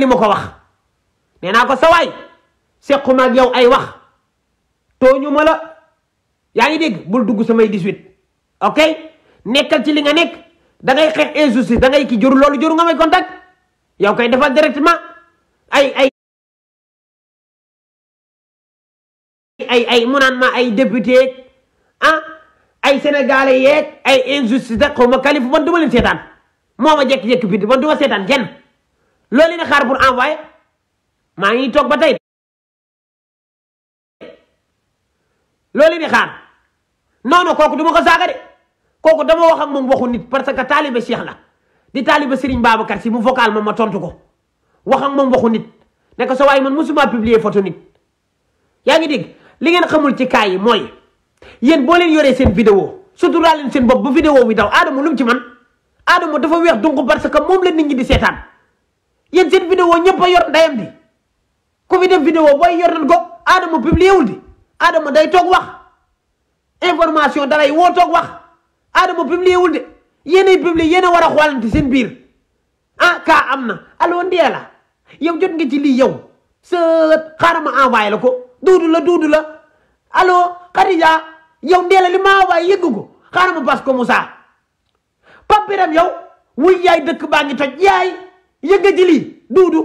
na ma ko wax nee naa ko sawaay sequma ak yow ay wax tooñu ma la yaa ngi dégg bul dugg samay 18 ok nekkal ci li nga nekk dangay ngay xeex injustice da ngay ki jur loolu juru nga may contact yow kay defal directement ay ay ay ay ma ay député ah ay sénégalais yeeg ay injustice da xaw ma kalifu ma leen seetaan moo ma jekk-jekk bi man du ma seetaan kenn loolu li na xaar pour envoyer maa ngi toog ba tey loolu di xaar non kooku du ma ko saaga de kooku dama wax ak moom waxu nit parce que taaliba Cheikh la di taaliba Serigne Babacar si mu vocal ma ma tontu ko wax ak moom waxu nit ne ko sa man mosuma publier photo nit yaa ngi dégg li ngeen xamul ci kaay yi mooy yéen boo leen yoree seen video surtout daa seen bopp bu vidéo bi daw Adamo lu mu ci man Adamo dafa weex donc parce que moom la nit ñi di seetaan yéen seen vidéo ñëpp a yor ndayam di ku fi def vidéo ko Adama publié wul di Adama day toog wax information dalay woo toog wax Adama publié wul de yéenay publié yéen a war a xoolante seen biir ah kaa am na allo ndee jot nga ci lii yow sa xaaral ma envoyé ko duudu la duudu la allo Khadija yow li ma envoyé yëggu ko xaaral ma parce que Moussa Pape Birame wuy yaay dëkk baa toj yaay. yëgga ji lii wax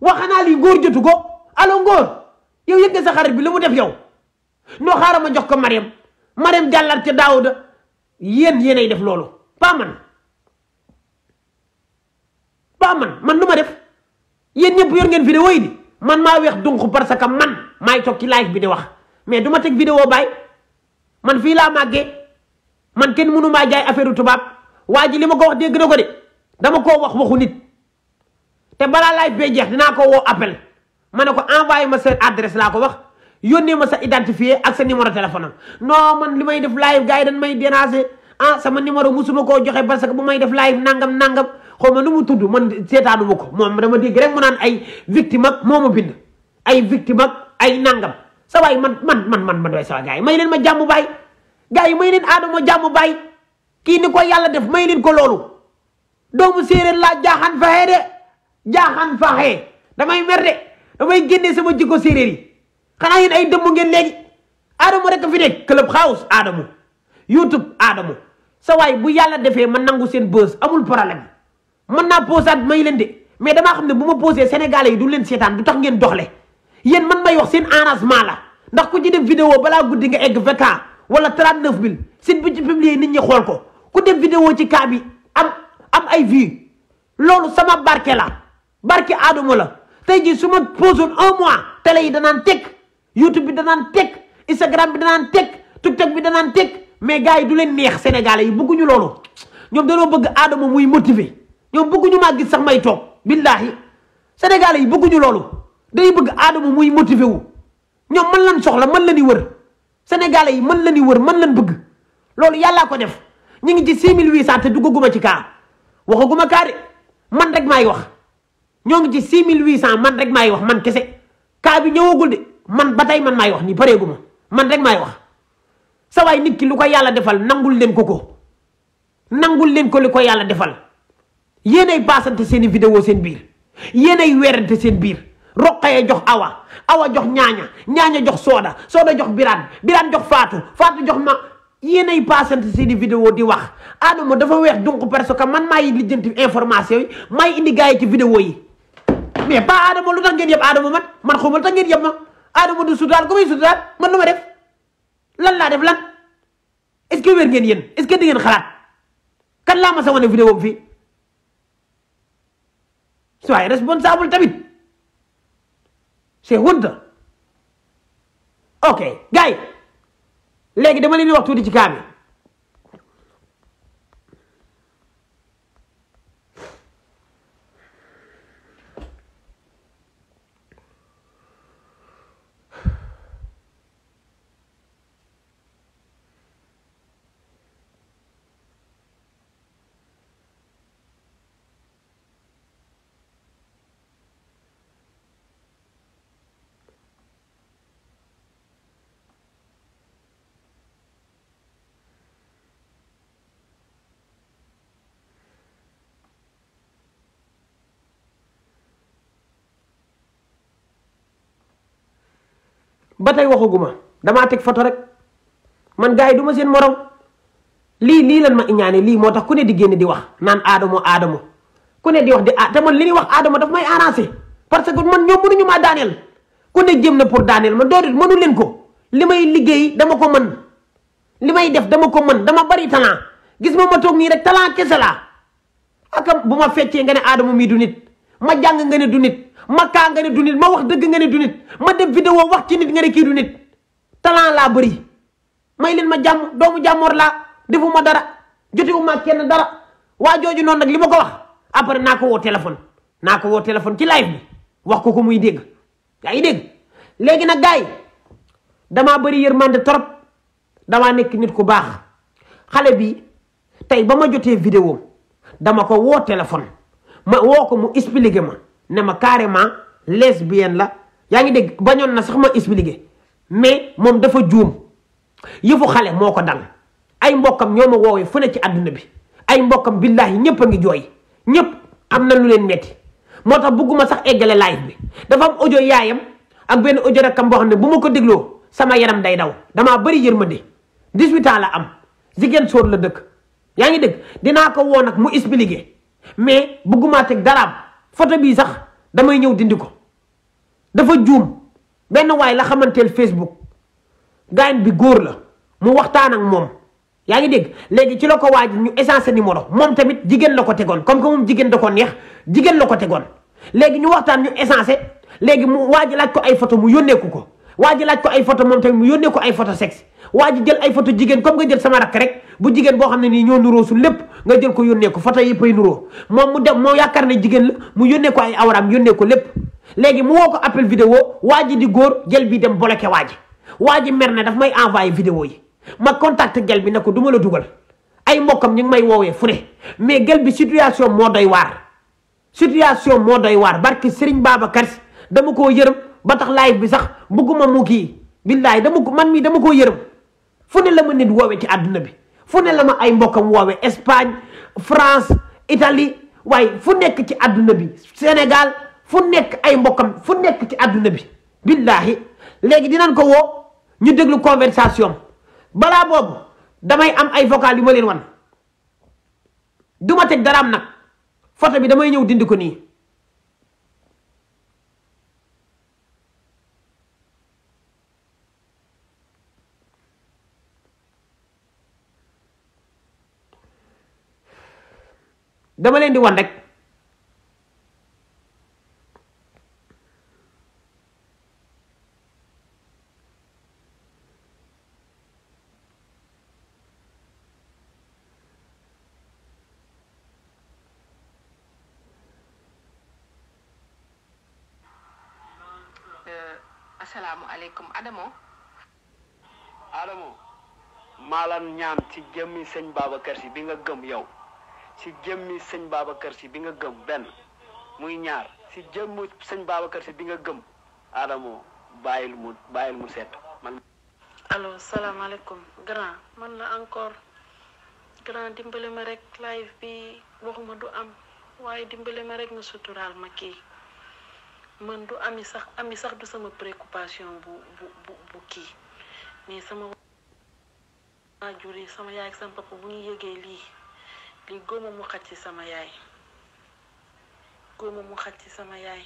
waxanaa lii góor jotu ko alo ngóor yow yëgga sa xarit bi lu mu def yow noo xaaral ma jox ko Mariam Mariam jàllar ca Daawuda yéen yéenay def loolu pas man pas man man lu def yéen ñëpp yor ngeen vidéo yi di man maa weex dunq parce que man maay toog ci live bi di wax mais du ma teg vidéo baay man fii laa màggee man kenn mënu maa jaay affaire tubaab waa ji li ma ko wax dégg na ko de dama koo wax waxu nit te balaa laaj bee jeex dinaa ko woo appel ma ne ko envoyé ma sa adresse laa ko wax yónnee ma sa identifié ak sa numéro téléphone am man li may def lay gars yi dañ may déranger ah sama numéro musuma koo joxe parce que bu may def live nangam nangam xaw ma nu mu tudd man seetaanu ko moom dama dégg rek mu naan ay victime ak moo ma bind ay victime ak ay nangam sa man man man man man waay sa may leen ma jàmm baay gars yi may leen aadama jàmm baay kii ni ko yàlla def may leen ko loolu doomu séeréer laa jaaxaan faxe de jaaxaan faxe damay mer de damay génne sama jikko séeréer yi xanaa yéen ay dëmm ngeen léegi Adamo rek fi nekk club house Adamo youtube Adamo sa waay bu yàlla defee ma nangu seen bës amul problème mën naa posaat may leen de mais damaa xam ne bu ma posé sénégalais yi du leen seetaan du tax ngeen doxle yen man may wax seen arrangement la ndax ku ci dem vidéo balaa guddi nga egg vingt ans wala trente neuf mille site bi ci publier nit ñi xool ko ku def vidéo ci cas bi am am ay vi loolu sama barke la barke Adamo la tey jii su ma posoon un mois télé yi danaan teg YouTube bi danaan teg Instagram bi danaan teg TikTok bi danaan teg mais gars yi du leen neex Sénégalais yi bëgguñu loolu ñoom danoo bëgg Adamo muy motiver ñoom bëgguñu maa gis sax may toog billaahi Sénégalais yi bëgguñu loolu day bëgg Adamo muy motiver wu ñoom mën lan soxla mën la ni wër Sénégalais yi mën la ni wër mën lan bëgg loolu yàllaa ko def ñu ngi ci 6800 te duggaguma ci kaa waxaguma kaa de man rek maay wax ñoo ngi ci six mille huit cent man rek maay wax man kese kaa bi ñëwagul de man ba tey man maay wax nii ma man rek maay wax sa nit ki lu ko yàlla defal nangul leen ko ko nangul leen ko li ko yàlla defal yéenay baasante seen i vidéo seen biir yéenay weerante seen biir roqaye jox awa awa jox ñaaña ñaaña jox sooda sooda jox biraan biraan jox faatu faatu jox ma yéenay paasante seeni vidéo di wax Adama dafa weex donc parce que man maay lijjanti information yi maay indi gars yi ci vidéo yi mais pas Adama lu tax ngeen yëpp Adama man man xawma lu tax ngeen yëpp ma Adama du sutaal ku may sutaal man lu ma def lan laa def lan est-ce que wér ngeen yéen est-ce que di ngeen kan laa ma sa wane vidéo bi responsable tamit c'est honte ok gars léegi dama leen di wax tuuti ci cas bi ba tey waxaguma damaa teg photo rek man gars yi du ma seen morom lii lii lan ma iñaane lii moo tax ku ne di génne di wax naan aadamo aadamo ku ne di wax di ah te li ñuy wax aadamo daf may arrangé parce que man ñoom mënuñu maa daaneel ku ne jëm na pour daaneel man dootul mënu leen ko li may liggéey dama ko mën li may def dama ko mën dama bari talent gis ma ma toog nii rek talent kese laa ak bu ma feccee nga ne aadama mii du nit ma jàng nga ne du nit ma kaa nga du nit ma wax dëgg nga ne du nit ma def vidéo wax ci nit nga ne kii du nit talent laa bëri may leen ma jàmm doomu jàmmoor laa defuma dara jotewu ma kenn dara waa jooju noonu nag li ma ko wax après naa ko woo téléphone naa ko woo téléphone ci live bi wax ko ko muy dégg yaa ngi dégg léegi nag gars damaa bëri yërmande trop damaa nekk nit ku baax xale bi tey ba ma jotee vidéo dama ko woo téléphone ma woo ko mu expliqué ma ne ma carrément lesbienne la yaa ngi dégg bañoon na sax ma expliqué mais moom dafa juum yëfu xale moo ko dal ay mbokkam ñoo ma woowee fu ne ci àdduna bi ay mbokkam billaahi ñëpp a ngi jooy ñëpp am na lu leen metti moo tax bëgguma sax eggale live bi dafa am audio yaayam ak benn audio am boo xam ne bu ma ko dégloo sama yaram day daw damaa bëri yërmande 18 ans la am soor la dëkk yaa ngi dégg dinaa ko woon nag mu expliqué mais buggumaa teg daraam photo bii sax damay ñëw dindi ko dafa juum benn waay la xamanteel Facebook gaañ bi góor la mu waxtaan ak moom yaa ngi dégg léegi ci la ko waaj ñu échangé numéro moom tamit jigéen la ko tegoon comme que moom jigéen da ko neex jigéen la ko tegoon léegi ñu waxtaan ñu échangé léegi mu waaj laaj ko ay photo mu yónneeku ko waaj laaj ko ay foto moom tamit mu yónnee ko ay photo sexe waa ji jël ay photo jigéen comme nga jël sama rakk rek bu jigéen boo xam ne nii ñoo nuroo su lépp nga jël ko yónnee ko photo yëppay nuroo moom mu dem moo yaakaar ne jigéen la mu yónnee ko ay awraam yónnee lépp léegi mu woo ko appel vidéo waa ji di góor jël bi dem bloqué waa ji waa ji mer ne daf may envoyé vidéo yi ma contact gel bi ne ko duma la dugal ay mbokkam ñu may woowee fu ne mais gel bi situation moo doy waar situation moo doy waar barke Serigne Babacar dama koo yërëm ba tax live bi sax bëgguma mu kii billaay dama ko man mii dama koo yërëm fu ne la ma nit woowe ci àdduna bi fu ne ma ay mbokkam woowe Espagne France itali waaye fu nekk ci àdduna bi Sénégal fu nekk ay mbokkam fu nekk ci àdduna bi bindaaxi léegi dinañ ko woo ñu déglu conversation balaa boobu damay am ay vocal yu ma leen wan du ma teg daraam nag photo bi damay ñëw dindi ko nii dama leen di wan rek euh, asalaamaaleykum Adamo Adamo maalam ñaan ci jëmmi sëñ Babacar Si bi nga gëm yow si jëmmi sëñ Babacar si bi nga gëm benn muy ñaar si jëmmi sëñ Babacar si bi nga gëm Adamo bàyyil mu bàyyil mu set man. allo salaamaaleykum grand man na encore grand dimbale ma rekk live bi waxuma du am waaye dimbale ma rek nga suturaal ma kii man du ami sax ami sax du sama préoccupation bu bu bu kii mais sama waajur sama yaay ak sama papa bu ñu yëgee lii. lii góoma mu xaj ci sama yaay góoma mu ci sama yaay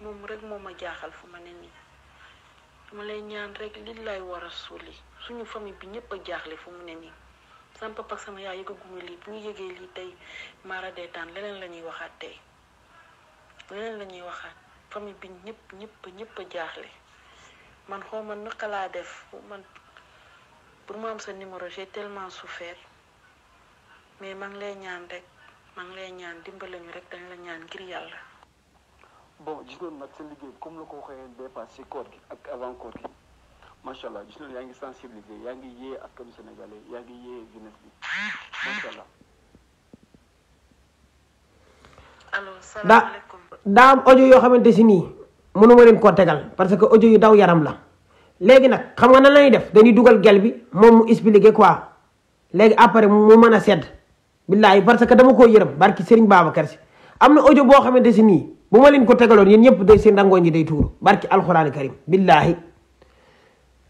moom rek ma jaaxal fu ma ne nii dama lay ñaan rek li lay war a suuli suñu famille bi ñëpp jaaxle fu mu ne nii sama papa ak sama yaay yëgaguñu lii bu ñu yëgee lii tey mara leneen la ñuy waxaat tey leneen lañuy waxaat famille bi ñëpp ñëpp ñëpp a jaaxle man xaw ma naka laa def man pour ma am sa numéro j'ai tellement souffert. mais man lay ñaan rek maa lay ñaan dimbale ñu rek la ñaan ngir yàlla. bon gis comme la ko waxee dépassé si gi ak avant koor allah gis nañu yaa ngi sensibiliser yaa ngi yee askanu sénégalais yaa ngi yee jeunesse bi macha allah. allo salaamaaleykum. yoo xamante si nii mënuma leen koo tegal parce que ojo yi daw yaram la léegi nag xam nga nan lay def dañuy dugal gel bi moom mu expliqué quoi léegi après mu mën a sedd. billaay parce que dama koo yërëm barki sëriñ Babacar si am na audio boo xamante si nii bu ma leen ko tegaloon yéen ñëpp day seen rangooñ yi day tuuru barki alxuraani karim billaahi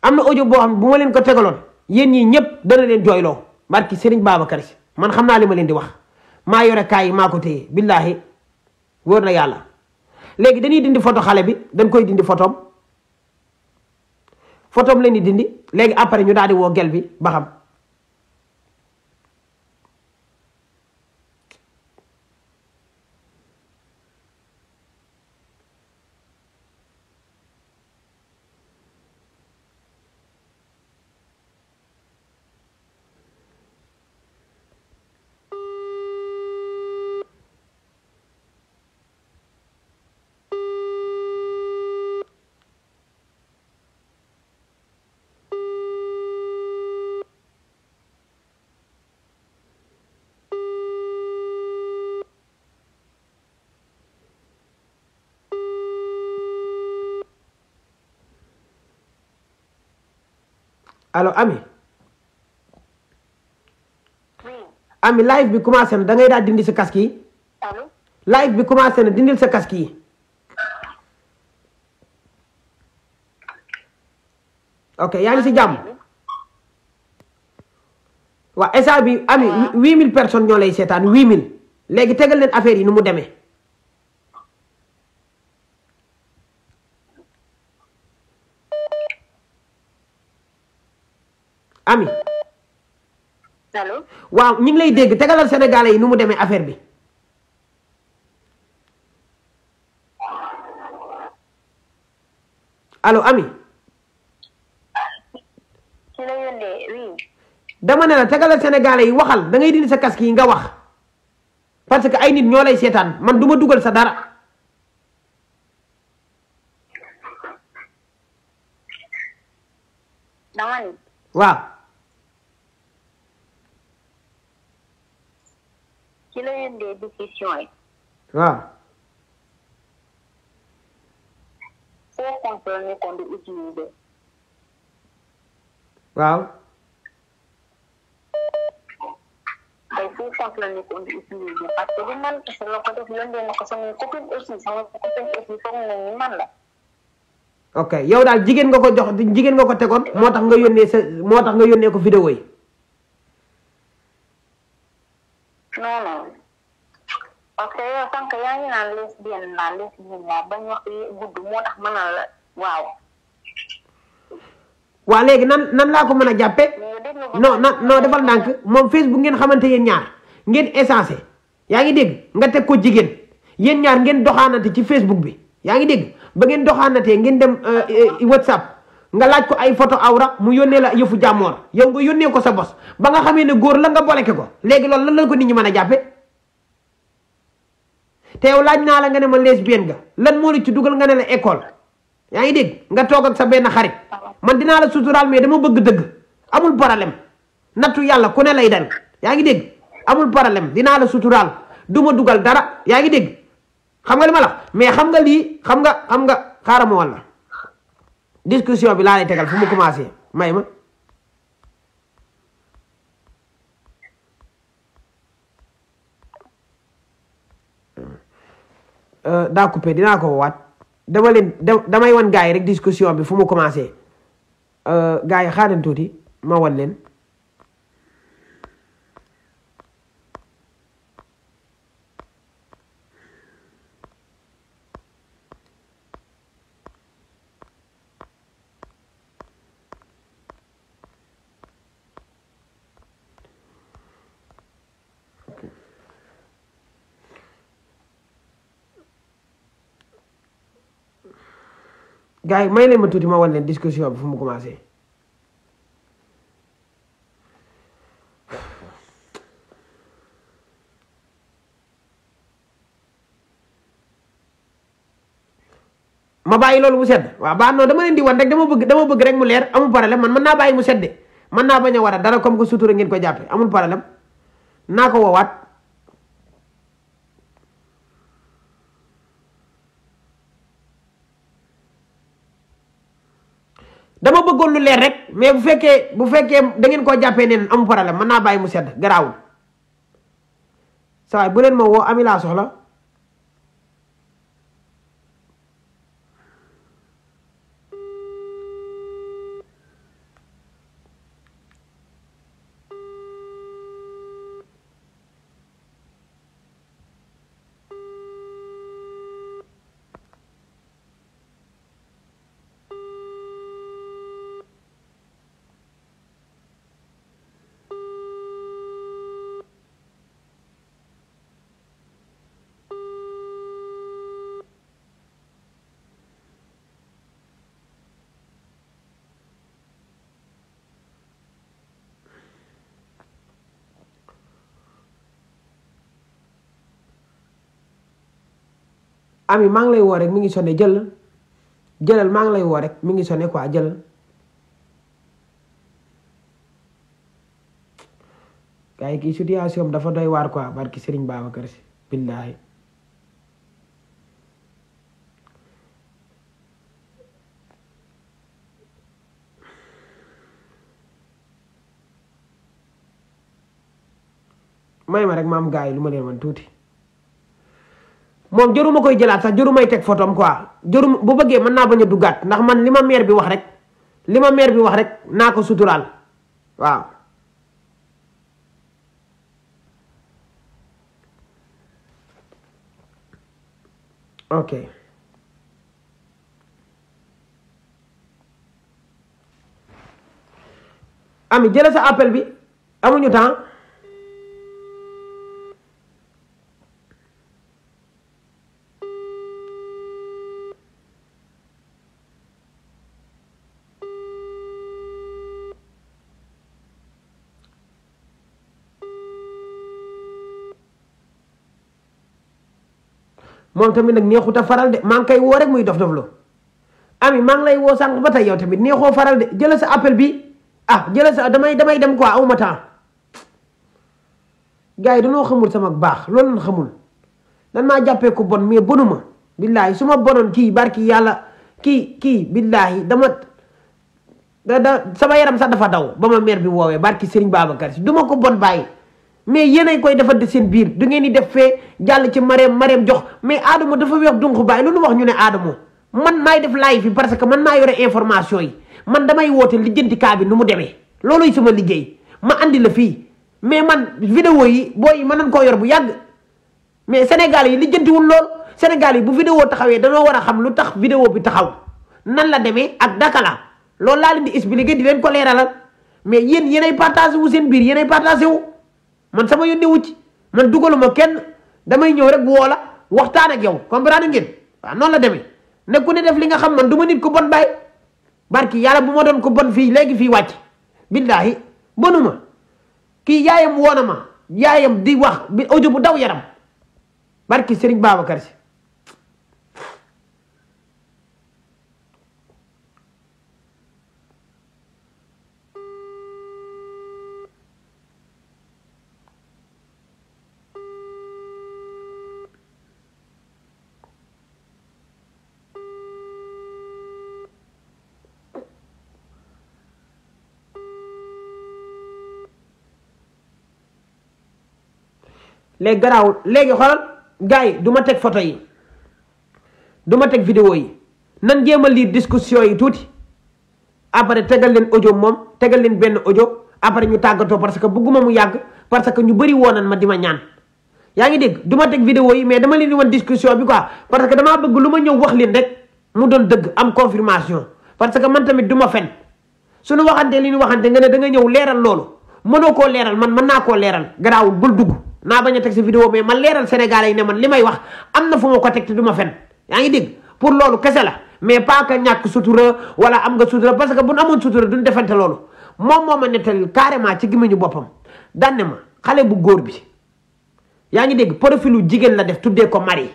am na audio boo xam ne bu leen ko tegaloon yéen ñii ñëpp dana leen jooyloo barki Serigne Babacar si man xam naa li ma leen di wax maa yore kaay yi maa ko téye billaahi wóor na yàlla léegi dañuy dindi photo xale bi dañ koy dindi photom photom la di dindi léegi après ñu daal di woo gel bi ba xam allo Ami. Ami live bi commencé na da ngay daal dindi sa kaski yi. live bi commencé na dindil sa kaski yi. ok yaa ngi si jàmm. waa esa bi Ami 8000 personnes ñoo lay seetaan 8000 léegi tegal leen affaire yi nu mu demee. ami waaw ñu ngi lay dégg tegalal sénégalais yi nu mu demee affaire bi. alo ami dama ne tegalal sénégalais yi waxal da ngay dindi sa casque yi nga wax parce que ay nit ñoo lay seetaan man du dugal sa dara. dama waaw. ci la yëndee du yi. waaw. foo contrôle ni kon di utiliser. waaw. foo contrôle ni kon di utiliser parce que bu man kese la ko def na ko sama copine aussi sama copine man la. ok yow daal jigéen nga ko jox jigéen nga ko tegoon moo tax nga yónnee sa moo tax nga yónnee ko vidéo yi. tant que yaa ngi naan lesbienne laa lesbienne laa bañ wax gudd moo tax ma naan la waaw. waa léegi nan nan laa ko mën a jàppe non non non defal ndànk moom Facebook ngeen xamante yéen ñaar ngeen essencé yaa ngi dégg nga teg ko jigéen yéen ñaar ngeen doxaanate ci Facebook bi yaa ngi dégg ba ngeen doxaanatee ngeen dem euh, euh, WhatsApp nga laaj ko ay photo awra mu yónnee la yëfu jàmmoor yow nga yónnee ko sa bos ba nga xamee ne góor la nga boleke ko léegi loolu lan la ko nit ñi mën a jàppe te laaj naa la nga ne ma lesbienne nga lan moo la ci dugal nga ne la école yaa ngi dégg nga toog ak sa benn xarit man dinaa la suturaal mais dama bëgg dëgg amul problème nattu yàlla ku ne lay dal yaa ngi dégg amul problème dinaa la suturaal du ma dugal dara yaa ngi dégg xam nga li ma la mais xam nga lii xam nga xam nga xaaral ma walla discussion bi laa lay tegal fu mu commencé may ma. Euh, daa coupé dinaa ko woowaat dama leen damay wan gars yi rek discussion bi fu mu commencé euh, gars yi xaaral tuuti ma wan leen. gars yi may leen ma tuuti ma wan leen discussion bi fu mu commencé ma bàyyi loolu mu sedd waa baax noonu dama leen di wan rek dama bëgg dama bëgg rek mu leer amul problème man mën naa bàyyi mu sedde mën naa bañ a war a dara comme que sutura ngeen ko jàppe amul problème naa ko woowaat dama bëggoon lu leer rek mais bu fekkee bu fekkee dangeen koo jàppee neen amu problème mën naa bàyyi mu sedd garaawul saa bu leen ma woo ami soxla ami maa ngi lay woo rek mi ngi sonné jël jëlal maa ngi lay woo rek mi ngi sonné quoi jël gars yi kii situation bi dafa doy waar quoi barki Serigne Babacar Si billaahi may ma rek maam gars yi lu ma leen wan tuuti moom jaruma koy jëlaat sax jarumay teg photom quoi jarum bu bëggee mën naa bañ a duggaat ndax man li ma maire bi wax rek li ma maire bi wax rek naa ko suturaal waaw ok ami jëla sa appel bi amuñu temps moom tamit nag neexut a faral de maa ngi woo rek muy dof dof loo ami maa lay woo sànq ba tey yow tamit neexoo faral de jëla sa appel bi ah jëla sa damay damay dem quoi aw ma temps gars yi dañoo xamul sama baax loolu lañ xamul dan maa jàppee ko bon mais bonuma billaahi su ma bonoon kii barki yàlla kii kii billaahi dama da sama yaram sax dafa daw ba ma meer bi woowee barki Serigne Babacar si duma ko bon bàyyi mais yéenay koy defante seen biir du ngeen di def fee jàll ci mareem mareem jox mais Adamo dafa weex dunq bàyyi lu nu wax ñu ne Adamo man maay def live yi parce que man maa yore information yi man damay woote lijjanti kaa bi nu mu demee looluy sama liggéey ma andi la fii mais man vidéo yi booy yi mën nañ koo yore bu yàgg mais Sénégal yi lijjantiwul lool Sénégal yi bu vidéo taxawee danoo war a xam lu tax vidéo bi taxaw nan la demee ak daka la loolu laa leen di expliquer di leen ko leeralal mais yéen yéenay partagé wu seen biir yéenay partagé wu. man sama yónne wu ci man dugaluma kenn damay ñëw rek bu woola waxtaan ak yow comprendre ngeen waaw noonu la demee ne ku ne def li nga xam man du ma nit ku bon bàyyi barki yala bu ma doon ko bon fii léegi fii wàcc billaahi bonuma kii yaayam woona ma yaayam di wax bi audio bu daw yaram barki Serigne Babacar Si léegi garaawul léegi xoolal gars yi du teg photo yi du ma teg vidéo yi nan jéem a lire discussion yi tuuti après tegal leen audio moom tegal leen benn ojo après ñu tàggatoo parce que bëgguma mu yàgg parce que ñu bëri woonan ma di ma ñaan yaa ngi dégg du ma teg vidéo yi mais dama leen di wan discussion bi quoi parce que damaa bëgg lu ma ñëw wax leen rek mu doon dëgg am confirmation parce que man tamit du ma fen suñu waxante li ñu waxante nga ne da nga ñëw leeral loolu mënoo koo leeral man mën naa koo leeral garaawul bul dugg naa bañ a teg sa vidéo mais ma leeral sénégal ay ne man li may wax am na fu ma ko teg te du ma fen yaa ngi dégg pour loolu kese la mais pas que ñàkk sutura wala am nga sutura parce que bu nu amoon sutura duñ defante loolu moom moo ma nettali carrément ci gémmiñu boppam daan ne ma xale bu góor bi yaa ngi dégg profilu jigéen la def tuddee ko mari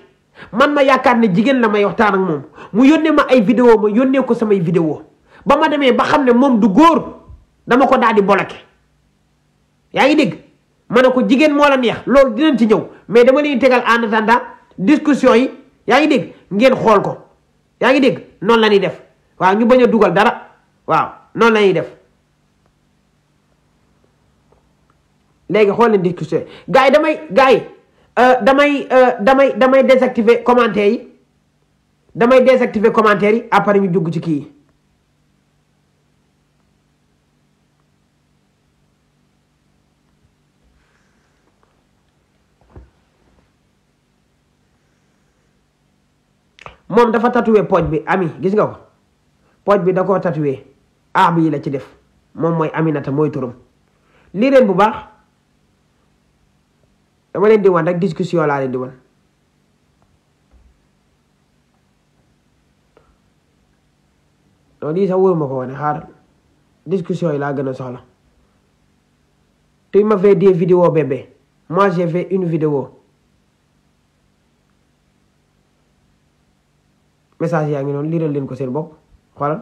man ma yaakaar ne jigéen la may waxtaan ak moom mu yónnee ma ay vidéo ma yónnee ko samay vidéo ba ma demee ba xam ne moom du góor dama ko daal di bloqué yaa ngi dégg ma ne ko jigéen moo la neex loolu dinañ ci ñëw mais dama leen tegal en attendant discussion yi yaa ngi dégg ngeen xool ko yaa ngi dégg noonu la ñuy def waaw ñu bañ a dugal dara waaw noonu la ñuy def léegi xool leen discussion yi gars yi damay gars yi euh, damay euh, damay damay désactiver commentaire yi damay désactiver commentaire yi après ñu dugg ci kii moom dafa tatoué pooj bi ami gis nga ko pooj bi da koo tatoué aax bi yi la ci def moom mooy Aminata mooy turam lii leen bu baax dama leen di wan rek discussion laa leen di wan ko wane discussion yi laa gën a soxla tu m'as fait des vidéos bébé moi j'ai fait une vidéo message yaa ngi noonu liiral leen ko seen bopp xoolal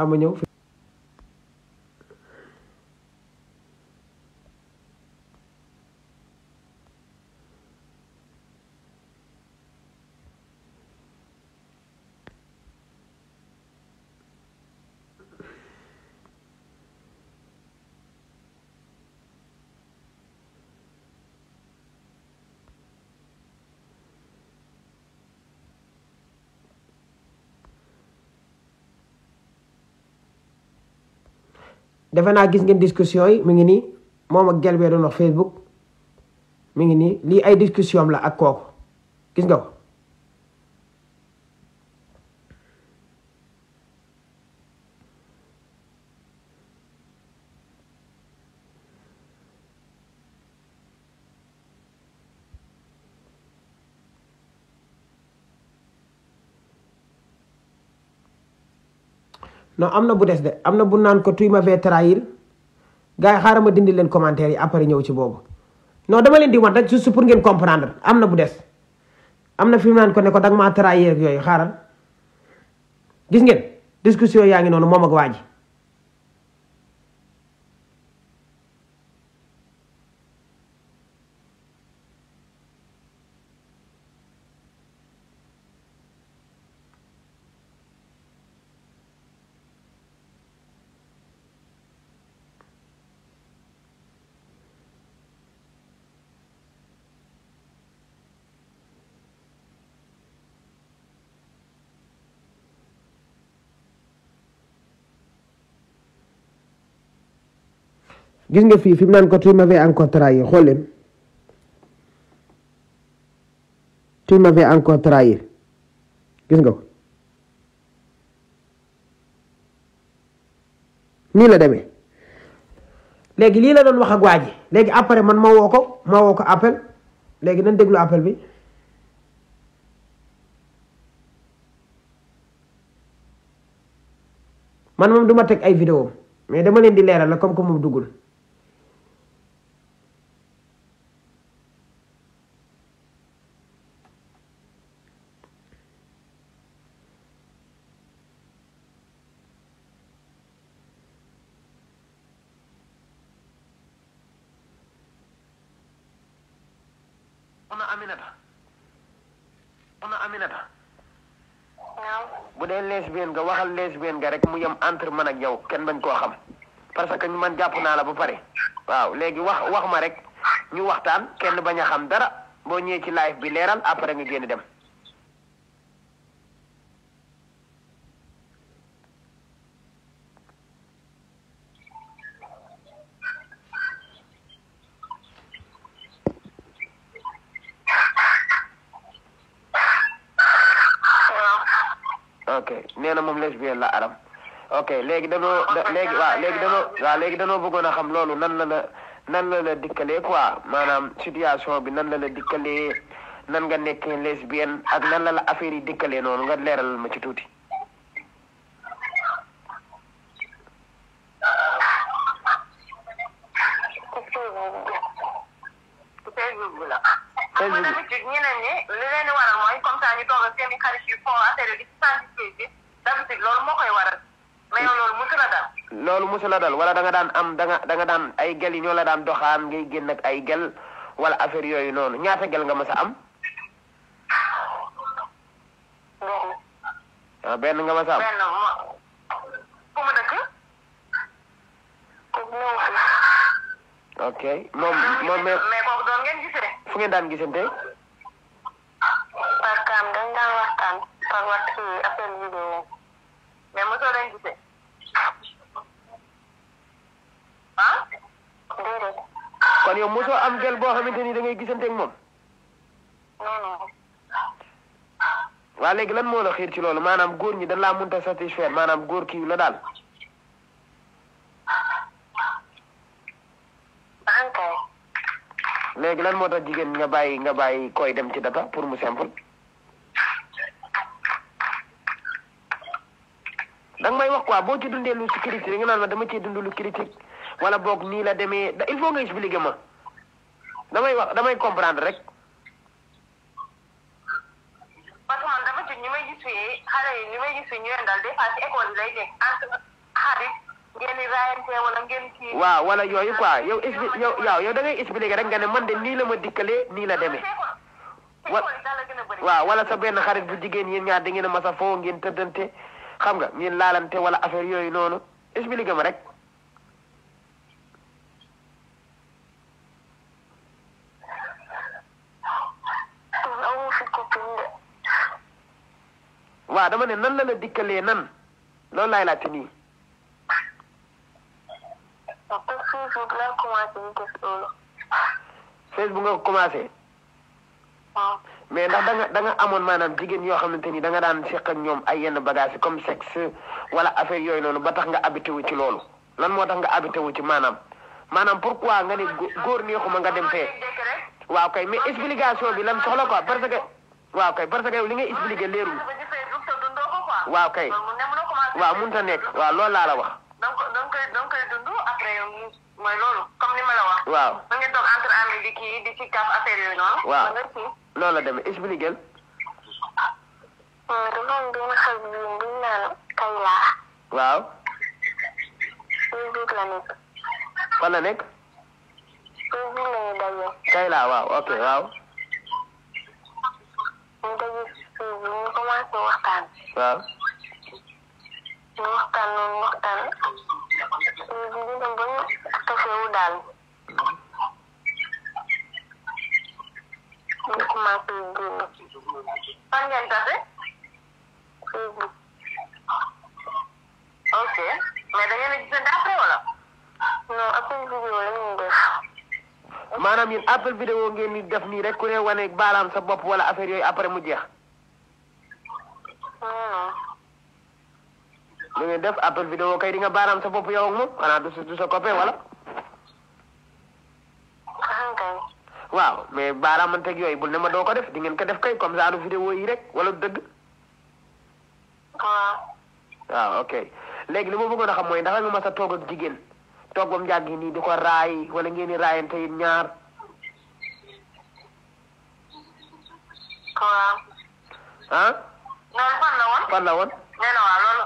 ama ah, ñëw defe naa gis ngeen discussion yi mu ngi nii moom ak gel bee doon Facebook mi ngi nii lii ay discussion la ak kooku gis nga non am na bu des de am na bu naan ko ma m'avais trahir gars yi xaaral ma dindi leen commentaire yi après ñëw ci boobu noo dama leen di man da juste pour ngeen comprendre am na bu des am na fi mu naan ko nekko ko danga maa yooyu xaaral gis ngeen discussion yaa ngi noonu moom ak waa ji gis nga fii fi mu naan ko tu m'avais encore trahi xool leen tu m'avais encore trahi gis nga ko nii la deme léegi lii la doon wax ak waa ji léegi après man ma woo ko ma woo ko appel léegi nan déglu appel bi man moom duma teg ay vidéo mais dama leen di leeral la comme que moom duggul doon lesbienne nga rek mu yem entre man ak yow kenn bañ koo xam parce que man jàpp naa la ba pare waaw léegi wax wax ma rek ñu waxtaan kenn bañ a xam dara boo ñëwee ci live bi leeral après nga génn dem. léegi danoo ah, da ah, léegi ah, waaw léegi danoo waaw léegi danoo bëggoon a xam loolu nan la la nan la la dikkalee quoi maanaam situation bi nan la la dikkalee nan nga nekkee lesbienne ak nan la la affaire yi dikkalee noonu nga leeral ma ci tuuti. yow loolu musu la dal. loolu musu dal wala danga daan am da danga daan ay gel yi ñoo la daan doxaan ngay génn ak ay gel wala affaire yooyu noonu ñaata gel nga mës a am. ah ok moom moom mais. fu ngeen daan gisante. parce que dañ daan waxtaan par waxtu kon yow mosoo am gel boo xamante ni dangay ngay gisanteeg moom. waa léegi lan moo la xiir ci loolu maanaam góor ñi dañ laa mënut a satisfaire maanaam góor kii la daal. léegi lan moo tax jigéen nga bàyyi nga bàyyi koy dem ci data pour mu simple. danga may wax quoi boo ci dundee lu ci critique nga naan ma dama ciy dund lu critique wala boog nii la demee il faut nga expliquer ma damay wa damay comprendre rek. parce que man dama may gis fii xale may gis fii daal des wala ngeen kii. waaw wala yooyu quoi yow da ngay expliquer rek nga ne man de nii la ma dikkalee nii la demee. waaw wala sa benn xarit bu jigéen yéen ñaar da ngeen a masa foo ngeen tëddante xam nga ngeen laalante wala affaire yooyu noonu expliquer ma rek. waa dama ne nan la la dikkalee nan loolu laay laajte nii. Facebook laa commencé ñu def loolu. Facebook nga ko commencé. waaw. mais ndax da nga da nga amoon maanaam jigéen yoo xamante ni da nga daan seq ak ñoom ay yenn bagages comme sexe wala affaire yooyu noonu ba tax nga habité wu ci loolu lan moo tax nga habité wu ci maanaam maanaam pourquoi nga ne góor neexuma nga dem fee. waa koy mais explication yi lan soxla quoi parce que waaw kay parce que yow li ngay expliqué leerul. waaw kay waaw mënut a nekk waaw loolu laa la wax. donc donc koy donc koy dund après mooy loolu comme ni ma la wax. waaw mu ngi toog entre amis di kii di ci kaaf affaire yooyu noonu. waaw loolu la demee expliquer. ah, ah dama am benn xel bu ñu naan kay laa. waaw. Facebook la nekk. fan la nekk. Facebook la ñu daje. kay laa waaw ok waaw. ñu daje Facebook ñu commencé waxtaan. waaw. ñu waxtaan noonu waxtaan ñu dem ba ñu tafewu daal. ñu commencé génn. fan ngeen tase. Facebook. ok mais da ngeen a gisante après wala. non appel vidéo la ñuy def. maanaam yéen appel vidéo ngeen di def nii rek ku ne wane baalaam sa bopp wala affaire yooyu après mu jeex. lu ngeen def appel vidéo kay di nga baaraam sa bopp yow ak moom xanaa du sa du sa copain wala. waaw mais baaraamanteeg yooyu bul ne ma doo ko def di ngeen ko def kay comme ça du vidéo yi rek wala du dëgg. waaw ah, ok léegi li ma bëggoon a xam mooy ndax nga mas a toog ak jigéen toog ba mu yàgg nii di ko raay wala ngeen di raayante ñaar. ah. loolu fan la woon. fan la na waa loolu.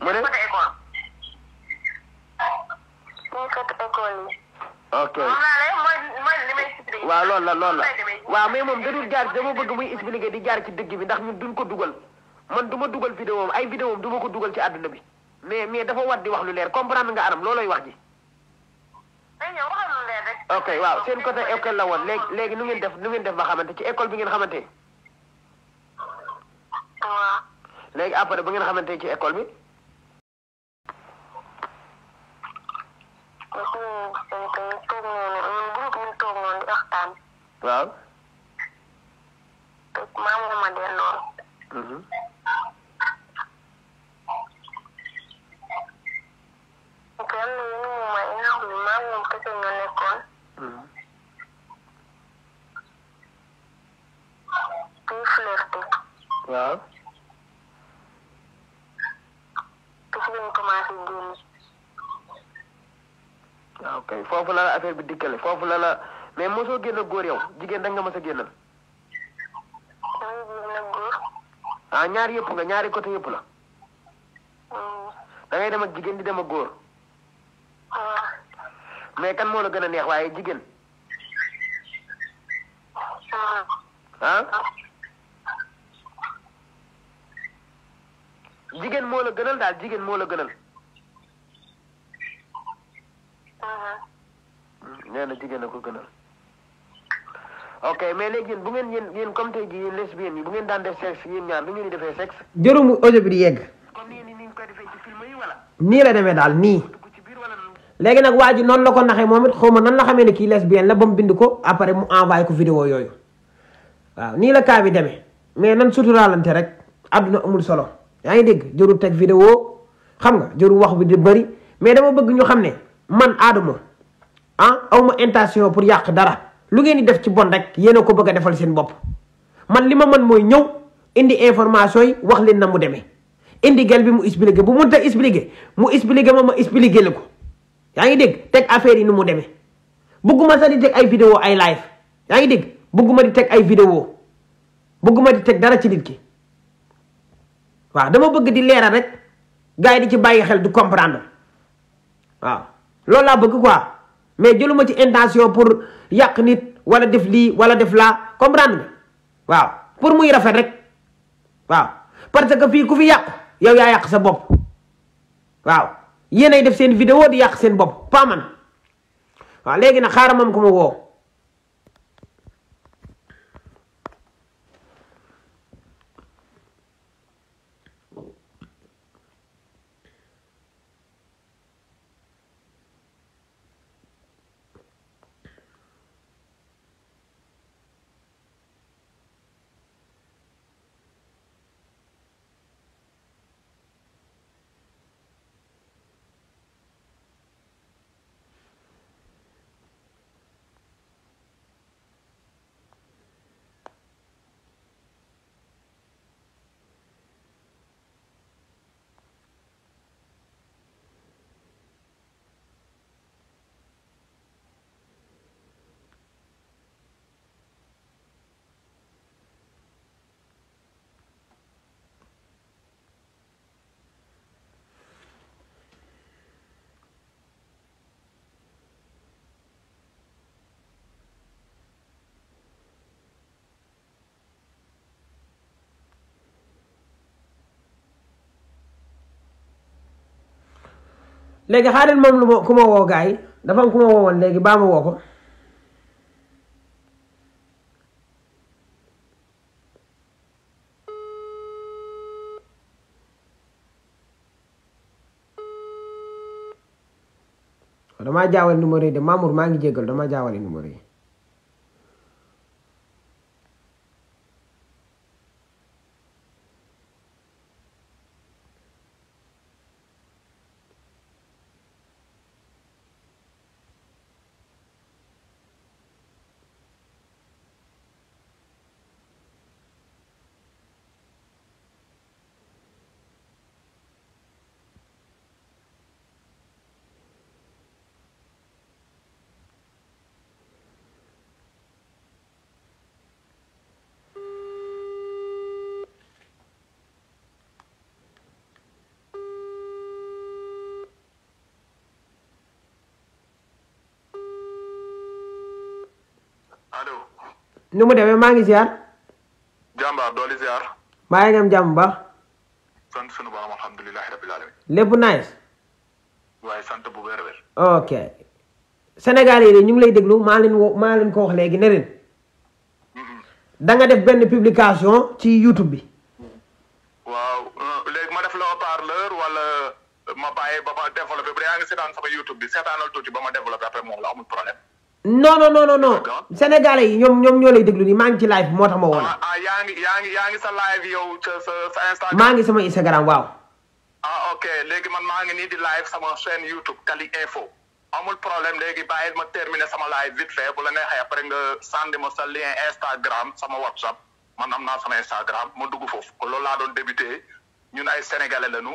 mu ngi côté école. waaw loolu la loolu la waaw mais moom da dul jaar dama bëgg muy expliqué di jaar ci dëgg bi ndax ñun duñ ko dugal man du ma dugal vidéo am ay vidéo am du ma ko dugal ci àdduna bi mais mais dafa war di wax lu leer comprendre nga anam loolooy wax ji. ok waaw seen côté école la woon léegi léegi nu ngeen def nu ngeen def ba xamante ci école bi ngeen xamante. waaw. léegi après ba ngeen xamante ci école bi. waaw. te am na yenn moment yi nga xam ne maa moom kese ñoo hmm. di flirté. Ah, foofu la la affaire bi dikkale foofu la la mais mosoo génn góor yow jigéen da nga mos a génnal. damay génn góor. ah ñaar yëpp nga ñaari côté yëpp la. Hmm. da ngay dem ak jigéen di dem ak góor. mais kan moo la gën a neex waaye jigéen. ah. jigéen moo la gënal daal jigéen moo la gënal. Ah. nee na jigéen a ko gënal. ok mais léegi yéen bu ngeen yéen yéen comme tey jii yéen lesbiennes yi bu ngeen daan def sexe yéen ñaar bu ngeen di defee sexe. jërëmu audio di yegg. comme nii nii ñu koy defee ci film yi wala. la demee daal nii. léegi nag waa ji noonu la ko naxee moom it xaw ma nan la xamee ne kii lesbienne la ba mu bind ko après mu envoyé ko vidéo yooyu waaw nii la cas bi demee mais nan suturaalante rek àdduna amul solo yaa ngi dégg jëru teg vidéo xam nga jëru wax bi di bëri mais dama bëgg ñu xam ne man Adamo ah awma intention pour yàq dara lu ngeen di def ci bon rek yéen a ko bëgg defal seen bopp man li ma mën mooy ñëw indi information yi wax leen na mu demee indi gel bi mu expliqué bu mënta expliqué mu expliqué ma ma expliqué la ko yaa ngi dégg teg affaire yi nu mu demee bugguma sax di teg ay vidéo ay live yaa ngi dégg bëgguma di teg ay video bëgguma di teg dara ci nit ki waaw dama bëgg di leeral rek gars yi di ci bàyyi xel du comprendre waaw loolu laa bëgg ko mais jëluma ci intention pour yàq nit wala def lii wala def laa comprendre waaw pour muy rafet rek waaw parce que fii ku fi yàq yow yaa yàq sa bopp waaw yéenay def seen vidéo di yàq seen bopp pas man waaw léegi nag xaaral ma ko ma woo léegi xaaral moom lu ma ku ma woo gars yi dafa am ku ma léegi baa ma woo ko damaa jaawal numéro yi de Mamour maa ngi jéggal damaa jaawale numéro yi allo. nu mu demee maa ngi ziar. jàmbaar dooli ziar. maa ngi dem jàmm ba. sant sunu borom alhamdulilahi rabil alamin. lépp nice. waaye sant bu wér wér. ok Sénégal yi de ñu ngi lay déglu maa leen woo maa leen ko léegi ne leen. Mm-hmm. da def benn publication ci YouTube bi. waaw euh, léegi ma def la haut-parleur wala euh, ma bàyyi ba ma développé ba yaa ngi seetaan sama YouTube bi seetaanal tuuti ba ma développé après moom la amul problème. no non non non non yi ñoom ñoom ñoo lay déglu nii maa ngi ci live moo tax ma woo la. Ah, ah, yaa ngi yaa ngi yaa ngi sa live yow sa sa Instagram. maa ngi sama Instagram waaw. ah ok léegi man maa ngi nii di live sama chaîne YouTube Kali Info amul problème léegi bàyyi ma terminer sama live vite fait bu la neexee après nga sànni ma sa lien Instagram sama WhatsApp man am naa sama Instagram ma dugg foofu loolu laa doon débuté ñun ay sénégalais nu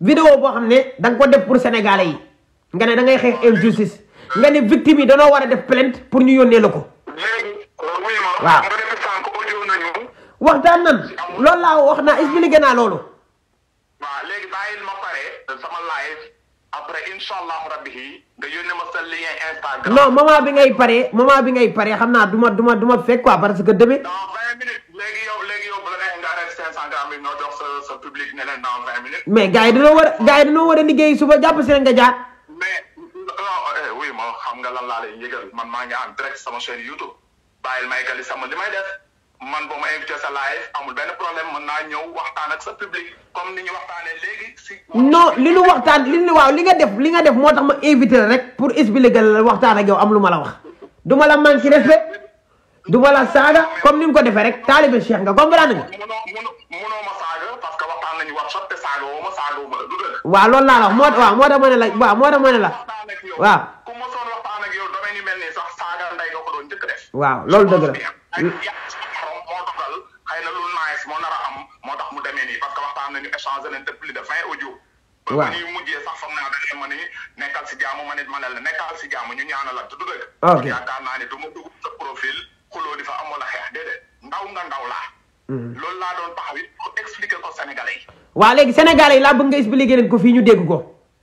vidéo boo xam ne da nga ko def pour sénégalais yi nga ne da ngay xeex injustice nga ne victime yi danoo war a def plainte pour ñu yónnee la ko. waaw. waxtaan nan loolu laa wax naa expliqué naa loolu. waaw léegi bàyyil ma pare sama après incha allahu rabbi nga yónnee ma sa lien Instagram. non moment bi ngay paree moment bi ngay paree xam naa du ma du ma du ma fekk quoi parce que demee. dans vingt minutes léegi yow léegi yow bu la neexee nga arrêté cinq cent grammes yi nga jox sa sa public ne leen dans vingt minutes. mais gars yi dina war a gars yi dina war nga eh, ma nga lan laa lay man maa ngi en direct sama chaîne YouTube bàyyil may gali sama li may def. man boo ma invité sa live amul benn problème mën naa ñëw waxtaan ak sa public comme ni ñu waxtaanee léegi si. non li ñu waxtaan li ñu waaw li nga def li nga def moo tax ma invité rek pour expliquer la waxtaan ak yow am lu ma la wax. du ma la manqué respect du ma la saaga comme ni mu ko defee rek taalibe Cheikh nga comprendre nga. munoo ma saaga parce que waxtaan la du dëgg. waaw loolu laa la wax moo waaw moo tax ma ne la waaw moo tax ma ne la waaw. ku ma soon waxtaan ak yow domaine yu mel nii sax saaga nday nga ko doon waaw loolu dëgg la. xëy na loolu nice moo nar am moo tax mu demee parce que waxtaan nañu échangé nañ te plus de vingt audio. waaw ba ñuy mujjee sax foog naa dañu ma ni la nekkal si jaamu ñu ñaanalante du ah, naa xeex ndaw nga ndaw laa. Hmm. loolu laa doon taxaw it pour ko Sénégalais yi. waaw léegi Sénégalais yi laa bëgg nga expliquer leen ko fii ñu dégg ko.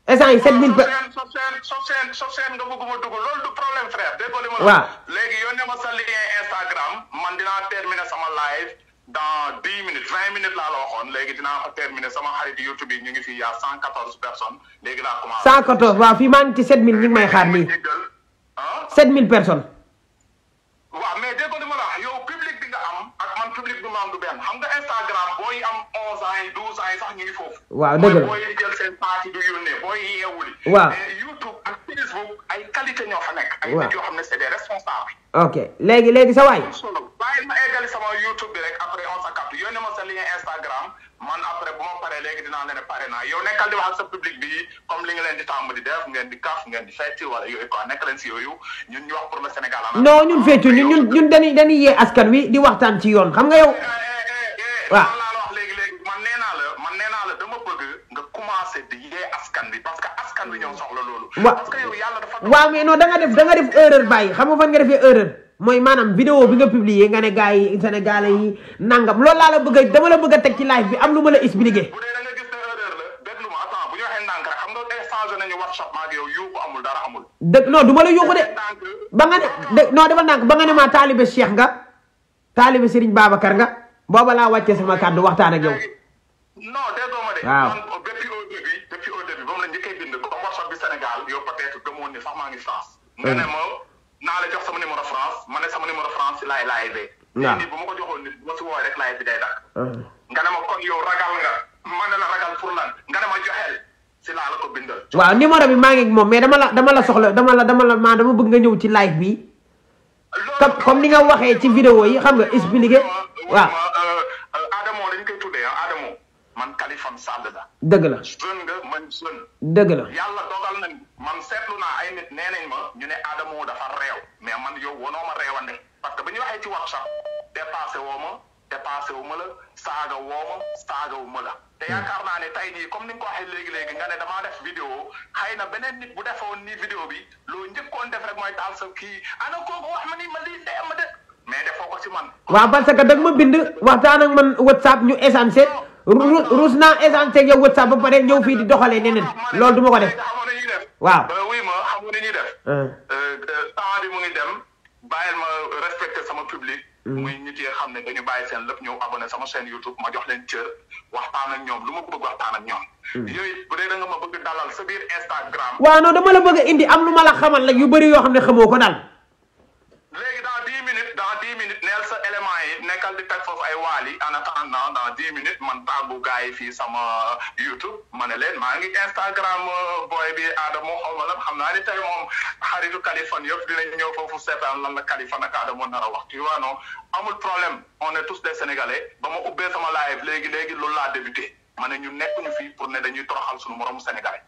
instant yi sept mille ba ah, so seen so seen nga bëgg ma dugg loolu du problème frère déggoo li ma. waaw léegi yónnee ma sa lien Instagram man dinaa terminer sama live. dans dix minutes vingt minutes la waxoon léegi dinaa fa terminer sama xarit YouTube yi ñu ngi fii y' a cent quatorze personnes léegi laa commencé. cent quatorze waaw fii maa ngi ci mille ñu ngi may xaar nii. mille personnes. waaw mais dégg nga li ma la wax public bi maam du benn xam nga Instagram booy am onze ans yi douze ans yi sax waaw dëgg la booy jël seen parti du yónnee booy yeewuli. waaw YouTube ak Facebook ay qualité ñoo ay nit yoo a ne c'est des responsables. ok léegi léegi sa waay. bàyyi ma eggali sama YouTube bi rek après on s'accapte yónnee ma sa lien Instagram. man après bu ma paree léegi dinaa leen pare naa yow nekkal di wax ak sa public bi comme li nga leen di tàmb di def ngeen di kaf ngeen di fecc wala yooyu quoi nekk leen si yooyu ñun ñu wax pour le askan wi di waxtaan ci yow. Eh, eh, eh, waaw laa la léegi léegi man nee naa la man nee naa dama bëgg nga commencé di yee askan bi parce que askan wi ñoom soxla loolu. parce que yow yàlla dafa. waaw mais non da nga def da xam nga fan nga mooy maanaam vidéo bi nga publier nga ne gars yi sénégalais yi nangam loolu laa la bëgg a la bëgg a teg ci live bi am lu ma la expliquer. bu dee da nga gis ne erreur la benn lu ma attends bu ñu waxee ndànk rek du ma la yuuxu de. ba nga ne de non dafa ndànk ba nga ne maa taalibe Cheikh nga taalibe Serigne Babacar nga booba laa wàccee sama kàddu waxtaan ak yow. non déggoo de. waaw man depuis au début depuis au début ba mu ne njëkkee bi Sénégal yow peut-être gëmoon ne naa la jox sama numéro France ma ne sama numéro France laay laay bee. ma ko joxoon nit bu ma si woowee rek laay bi day dakk. Ah. nga ne ma kon yow ragal nga ma ne la ragal pour nga ne ma joxeel si laa la ko bindal. waaw numéro bi maa moom mais dama la dama la soxla dama la dama la maa dama bëgg nga ñëw ci live bi. comme ni nga waxee ci vidéo yi xam nga expliqué waaw. Maam Sall la. dëgg la jeune nga man la yàlla dogal na man seetlu naa ay nit nee nañ ma ñu ne Adamo dafa réew mais man yow wanoo ma réewande parce que ba ñu waxee ci WhatsApp dépassé woo ma dépassé wu ma la saaga woo ma saaga wu ma la. te yaakaar naa ne tey nii comme ni nga ko waxee léegi léegi nga ne damaa def vidéo xëy na beneen nit bu defoon ni vidéo bi loo njëkkoon def rek mooy taal sa kii ana kooku wax ma ni ma lii dee ma de mais defoo ko ci man. waaw parce que da nga ma bind ruus naa échange yow WhatsApp ba pare ñëw fii di ne neneen loolu du ma ko def waaw. oui ma xam nga ni ñuy def. Ah. Euh, euh, temps bi mu ngi dem bàyyil ma respecté sama public. Mm. muy nit yi xam ne dañu bàyyi seen lépp ñëw abonné sama chaîne YouTube ma jox leen cër waxtaan ak ñoom lu ma ko bëgg waxtaan ak ñoom. Mm. yooyu bu dee da nga ma bëgg dalal sa biir Instagram. waaw non dama la bëgg a indi am lu ma la xamal nag yu bëri yoo xam ne xamoo ko daal. léegi dans dix minutes dans dix minutes neel sa élément yi nekkal di teg foofu ay waal yi en attendant dans dix minutes man tàggu gars yi fii sama euh, YouTube ma ne leen maa ngi Instagram euh, boy bi Adamo xaw ma lan xam naa ni tey moom xaritu Kaliphone yëpp dinañ ñëw foofu seetaan lan la Kaliphone ak Adamo nar a wax tu vois amul problème on est tous de Sénégalais ba ma ubbee sama live léegi léegi loolu laa débuté ma ne ñu nekkuñu fii pour ne dañuy toroxal suñu moromu Sénégalais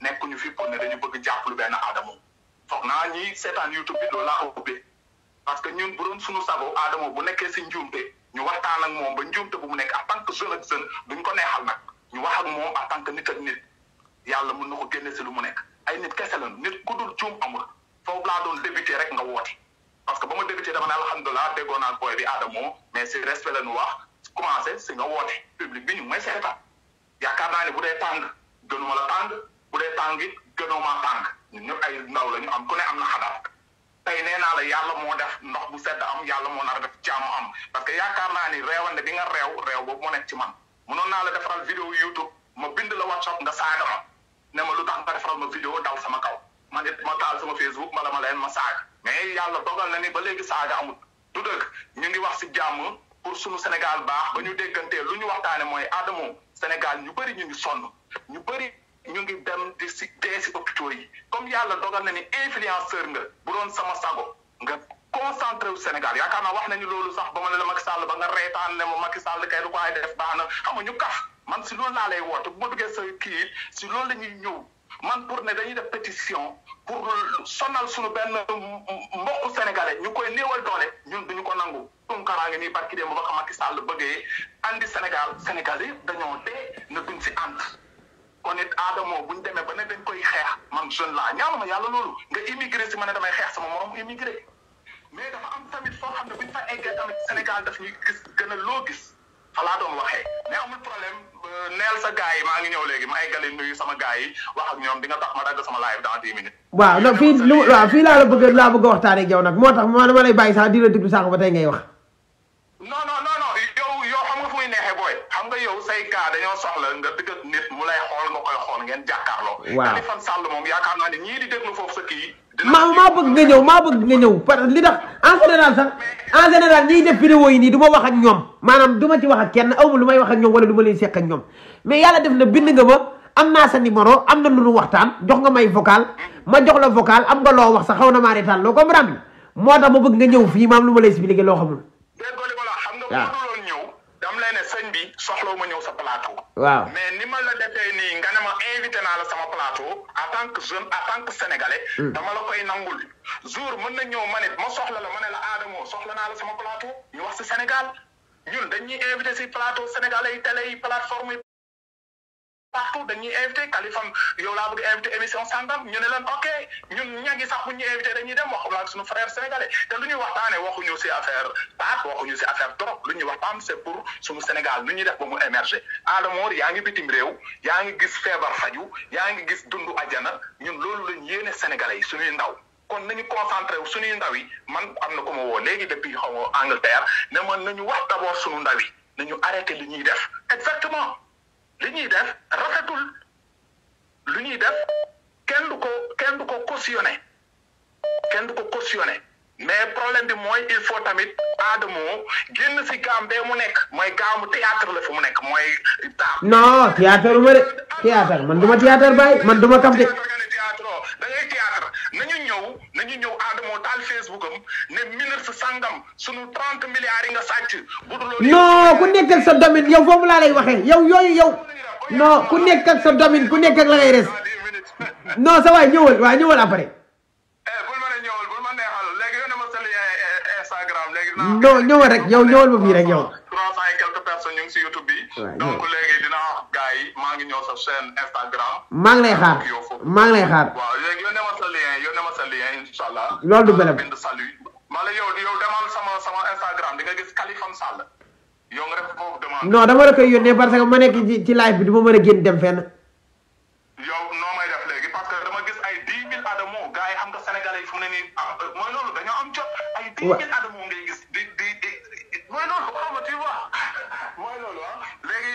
nekkuñu fii pour ne dañu bëgg jàpp benn Adamo foog naa ñi seetaan YouTube bi loolu laa parce que ñun bu doon suñu sago Adamo bu nekkee si njuumte ñu waxtaan ak moom ba njuumte bu mu nekk en tant que jeune ak jeune duñ ko nag ñu wax ak moom en tant que nit ak nit yàlla mun na ko génne si lu mu nekk ay nit ke la nit ku dul juum amul foofu laa doon débuté rek nga woote. parce que ba ma débuté dama ne alhamdulilah déggoo naa booy bi Adamo mais si respect la ñu wax commencé si nga woote public bi ñu may seetaan yaakaar naa ne bu dee tàng gënuma la tàng bu dee tàng it gënoo maa tàng ñun ñëpp ay ndaw la ñu am ku ne am na xalaat. tey nee naa la yàlla moo def ndox bu sedd am yàlla moo nar a def jàmm am parce que yaakaar naa ni réewande bi nga réew réew boobu moo nekk ci man mënoon naa la defaral vidéo YouTube ma bind la WhatsApp nga saaga ma ne ma lu tax nga defaral ma vidéo dal sama kaw man it ma taal sama Facebook ma la ma leen ma saaga mais yàlla dogal na ni ba léegi saaga am du dëgg ñu ngi wax si jàmm pour sunu Sénégal baax ba ñu déggantee lu ñu waxtaane mooy Adamo Sénégal ñu bëri ñu ngi sonn ñu ngi dem di si dee si hôpitaux yi comme yàlla dogal na ni influenceur nga bu doon sama sago nga concentré wu Sénégal yaakaar naa wax nañu loolu sax ba ma ne la Macky Sall ba nga reetaan ne ma Macky Sall kay lu ko ay def baax na xam nga ñu kaf man si loolu laa lay woote bu ma duggee sa kii si loolu la ñuy ñëw man pour ne dañuy def pétition pour sonal sunu benn mbokku sénégalais ñu koy néewal doole ñun duñu ko nangu Tunkara ngi nii barki démb ba ko Macky Sall bëggee andi Sénégal Sénégal yi dañoo dee ne duñ si ànd honnête Adamo bu ñu demee ba ne dañ koy xeex man jeune laa ñaanu ma yàlla loolu nga immigré si ma ne damay xeex sama morom immigré mais dafa am tamit foo xam ne bu ñu fa daf ñuy gis gën a loo gis fa laa doon waxee mais amul problème euh, neel sa maa ngi ñëw léegi ma eggale nuyu sama gars yi wax ak ñoom di nga tax ma dagg sama live dans dix minutes. waaw fii laa la bëgg a waxtaan ak yow nag moo tax ma lay bàyyi sax di la déglu sax ba tey ngay say cas dañoo soxla nga dëgg ak nit mu lay xool nga koy xool ngeen jàkkaarloo. waaw Khalifa Sall maa bëgg nga ñëw maa bëgg nga ñëw parce que li tax en général sax en général ñiy def vidéo yi nii du ma wax ak ñoom maanaam du ma ci wax ak kenn awma lu may wax ak ñoom wala lu seq ak ñoom mais yàlla def na bind nga ma am naa sa numéro am na lu nu waxtaan jox nga may vocal ma jox la vocal am nga loo wax sax xaw na maa reetaan loo comprendre moo tax ma bëgg nga ñëw fii maam lu ma la expliqué loo xamul waaw bi soxlawu ma ñëw sa plateau. waaw mais ni ma la defee nii nga ne ma invité naa la sama plateau en tant que jeune en tant que sénégalais. Hmm. dama la koy nangul jour ma soxla la ma la Adamo soxla naa la sama plateau ñu wax si Sénégal ñun dañuy invité si plateau sénégalais yi télé yi plateforme partout dañu invité Kaliphone yow laa bëgg invité émission sangam ñu ne leen ok ñun ñangi sax bu ñu invité dañuy dem wax laak suñu frère sénégalais te lu ñuy waxtaane waxuñu si affaire paak waxuñu si affaire trop lu ñuy waxtaan c'est pour suñu Sénégal lu ñuy def ba mu émerger Adamo yaa ngi bitim réew yaa ngi gis feebar faju yaa ngi gis dundu ajana ñun loolu lañ yéene sénégalais yi suñuy ndaw kon nañu concentré wu suñuy ndaw yi man am na ko ma woo léegi depuis xaw ma Angleterre ne man nañu wax d'abord suñu ndaw yi nañu arrêté li ñuy def exactement li ñuy def rafetul lu ñuy def kenn du ko kenn du ko cautionné kenn du ko cautionné mais problème bi mooy il faut tamit Adamo génn si gaam bee mu nekk mooy gaamu théâtre la fu mu nekk mooy non théâtre ma de théâtre man duma théâtre bàyyi man duma kam de dañu ñëw nañu ñëw Adamo taal Facebook am ne ministre sangam sunu nga sàcc. budul loolu non ku nekk ak sa domaine yow foofu laa lay waxee yow yooyu yow non ku nekk ak sa domaine ku nekk ak la ngay res non sa waay ñëwal waaye ñëwal après. Eh, eh, eh, non ñëwal rek yow ñëwal ba fii rek yow. 300 et quelques personnes ñu ngi si donc léegi dina wax gars yi maa ngi ñëw sa chaîne Instagram. maa ngi lay xaar maa ngi lay xaar. waaw léegi yónnee ma sa lien yónnee ma sa lien incha allah. loolu du benn bind salut. ma la yow yow demal sama sama Instagram di nga gis Kaliphone Sall. yow nga def foofu demande. non dama la koy yónnee parce que ma nekk ci ci live bi du ma mën a génn dem fenn. yow noo may def léegi parce que dama gis ay dix mille Adamo gars yi xam nga sénégalais yi fu mu ne nii ah, euh, mooy loolu dañoo am jot. ay dix mille Adamo ngay gis di di di mooy loolu xam nga tu vois mooy loolu ah.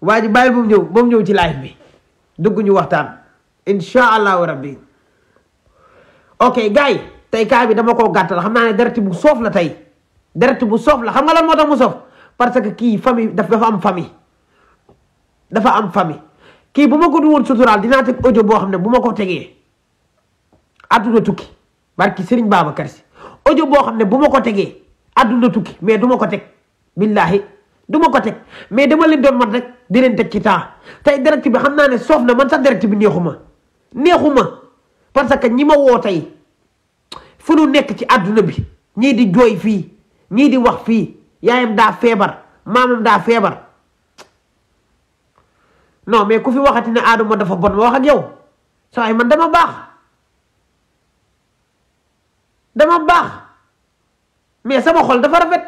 waa ji bàyyil moom ñëw moom ñëw ci live bi dugg waxtaan incha allahu rabbi ok gars tey kaa bi dama koo gàttal xam naa ne deret bu soof la tey deret bu soof la xam nga lan moo tax mu soof parce que kii famille dafa am famille dafa am famille kii bu ma ko du woon suturaal dinaa teg audio boo xam ne bu ma ko tegee adduna tukki barki Serigne Babacar Si audio boo xam ne bu ma ko tegee adduna tukki mais du ma ko teg billaahi du ma ko teg mais dama leen doon man rek di leen ci temps tey direct bi xam naa ne soof na man sax direct bi neexuma neexuma parce que ñi ma woo fu nu nekk ci àdduna bi ñii di jooy fii ñii di wax fii yaayam daa feebar maamam daa feebar no mais ku fi waxati ne aaduma dafa bon ma wax ak yow saa yi man dama baax dama baax mais sama xol dafa rafet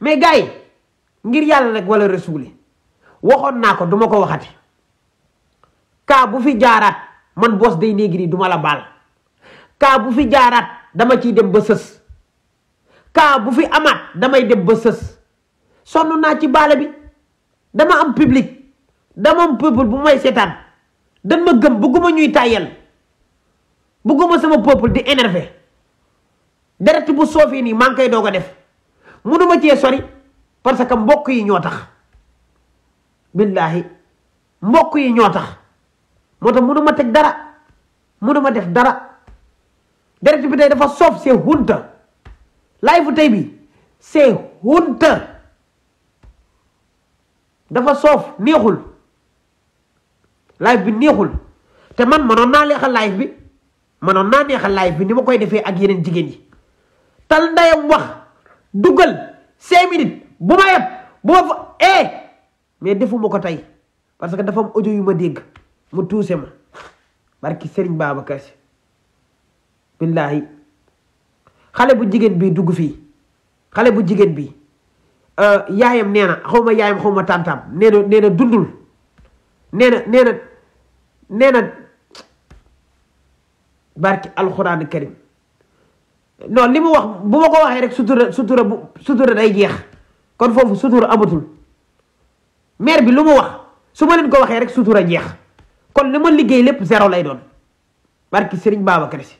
mais gars yi ngir yàlla nag wala rasuuli waxoon naa ko duma ma ko waxati kaa bu fi jaaraat man boos day néegi nii du la baal kaa bu fi jaaraat dama ciy dem ba sës kaa bu fi amaat damay dem ba sës sonn naa ci baale bi dama am public dama am peuple bu may seetaan dan ma gëm bëgguma ñuy tàyyal bëgguma sama peuple di énervé deret bu soofee nii maa koy doog ko def mënuma cee sori parce que mbokk yi ñoo tax billaahi mbokk yi ñoo tax moo tax mënuma teg dara mënuma def dara deret bi tey dafa soof c'est honte live bu tey bi c'est honte dafa soof neexul live bi neexul te man mënoon naa neexal live bi mënoon naa neexal live bi ni ma koy defee ak yeneen jigéen yi tal ndayam wax dugal cinq minutes bu ma yeb bu ma fa eh mais defuma ko tey parce que dafa am audio yu ma dégg mu tuuse ma barki sëriñ baaba Sy billaahi xale bu jigéen bi dugg fii xale bu jigéen bi euh, yaayam nee na xaw ma yaayam xaw ma tàntaam nee na nee dundul nee na nee nee na barki alxuraan karim noonu li mu wax bu ma ko waxee rek sutura sutura bu sutura day jeex kon foofu sutura amatul maire bi lu mu wax su ma leen ko waxee rek a jeex kon li ma liggéey lépp zéro lay doon barki Serigne Babacar Sy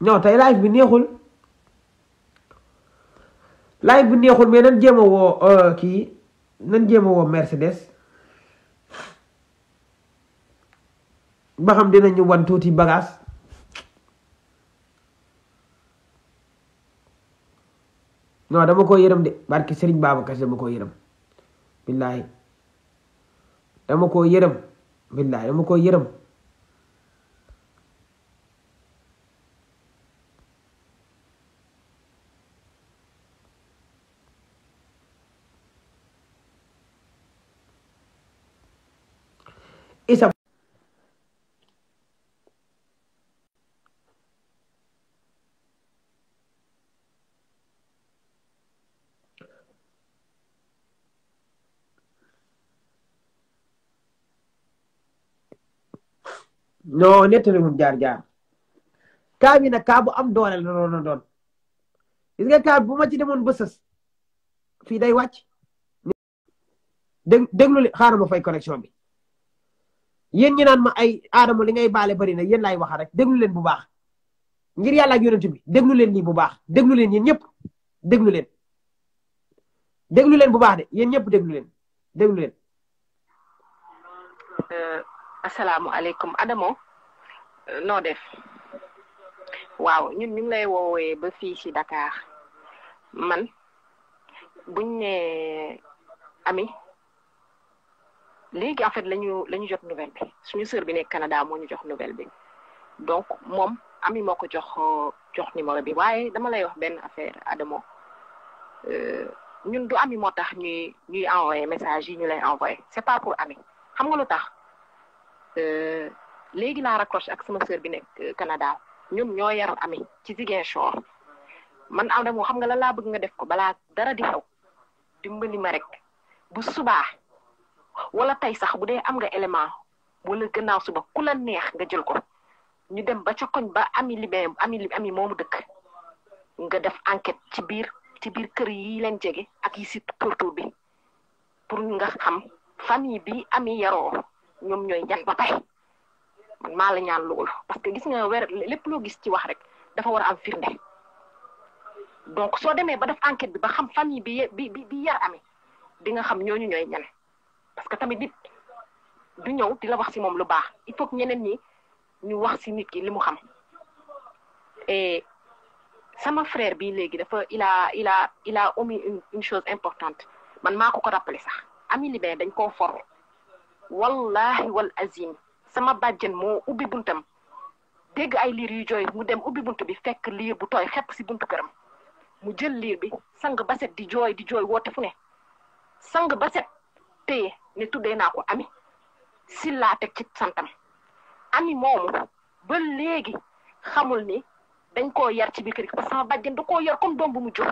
non tey live bi neexul live bi neexul mais nan jéem a woo euh, kii nan jéem a woo Mercedes ba xam dinañu wan tuuti bagage non dama ko yërëm de barki Serigne Babacar dama ko yërëm billaahi dama ko yërëm billaahi dama ko yërëm non nettaliwul jaar jaar kaa bi nag kaa bu am doole la doon doon gis nga kaa bu ma ci demoon ba sës fii day wàcc. dé déglu li xaaral ma fay connexion bi yéen ñi naan ma ay aadama li ngay baale bari na yéen laay wax rek déglu leen bu baax ngir yàlla ak yonent bi déglu leen lii bu baax déglu leen yéen ñëpp déglu leen. déglu leen bu baax de yéen ñëpp déglu leen déglu leen. Euh, asalaamualeykum Adamo noo def waaw ñun ñu ngi lay woowee ba fii ci Dakar man buñ ne ami léegi en fait lañu la ñu jot nouvelle bi suñu sœur bi nekk Canada moo ñu jox nouvelle bi donc moom ami moo ko jox jox numéro bi waaye dama lay wax benn affaire Adamo euh, ñun du ami moo tax ñuy ñuy envoyé message yi ñu lay envoyé c'est pas pour ami xam nga tax Euh, léegi laa raccroché ak sama sœur bi nekk euh, Canada ñun ñoo yar ami ci Ziguinchor man am moo xam nga la laa bëgg nga def ko balaa dara di xew dimbali ma rek bu suba wala tey sax bu dee am nga élément wala gannaaw suba ku la neex nga jël ko ñu dem ba ca koñ ba ami libin ami ami moomu dëkk nga def enquête ci biir ci biir kër yi leen jege ak yi si bi pour nga xam famille bi ami yaro ñoom ñooy jax ba tey man maa la ñaan loolu parce que gis nga weer lépp loo gis ci wax rek dafa war a am firnde donc soo demee ba def enquête bi ba xam famille bi bi bi bi yar amee di nga xam ñooñu ñooy ñan parce que tamit nit du ñëw di la wax si moom lu baax il faut ñeneen ñi ñu wax si nit ki li mu xam et sama frère bi léegi dafa il a il a il une chose importante man maa ko ko rappelé sax Ami Libin dañ koo former wallahi wal azim sama bàjjen moo ubbi buntam dégg ay liir yu jooy mu dem ubbi bunt bi fekk liir bu tooy xepp si buntu këram mu jël liir bi sang ba di jooy di jooy woote fu ne sang ba set ne tuddee naa ko ami si laa teg ci santam ami moomu ba léegi xamul ni dañ koo yar ci biir kër parce que sama bàjjen da koo yar comme doom bu mu jox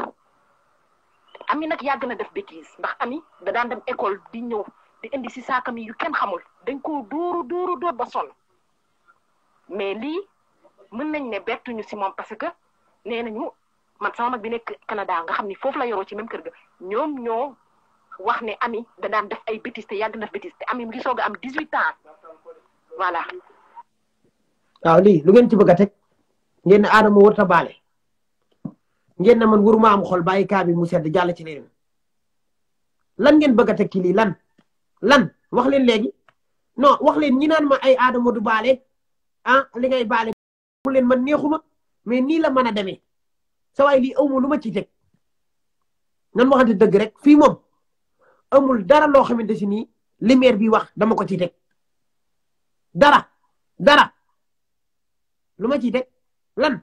ami nag yàgg na def bêtise ndax ami da daan dem école di ñëw di indi si saakam yu kenn xamul dañ koo dóoru dóoru dóor ba sonn mais lii mën nañ ne bettuñu si moom parce que nee nañu man sama mag bi nekk Canada nga xam ni foofu la yoroo ci même kër ga ñoom ñoo wax ne ami da daan def ay bêtises te yàgg na def bêtises te ami mu ngi soog a am dix huit ans voilà. waaw ah, lii lu ngeen ci bëgg a teg ngeen ne Adama warut a baale ngeen ne man waruma am xol bayi kaa bi mu sedd jàll ci leneen lan ngeen bëgg a teg ci lii lan. lan wax leen léegi non wax leen ñi naan ma ay aadama du baale an ah, li ngay baale mu leen man neexuma mais nii la mën a demee sa waay lii awma lu ma ci teg nan waxante dëgg rek fii moom amul dara loo xamante si nii lumière bi wax dama ko ci teg dara dara lu ma ci teg lan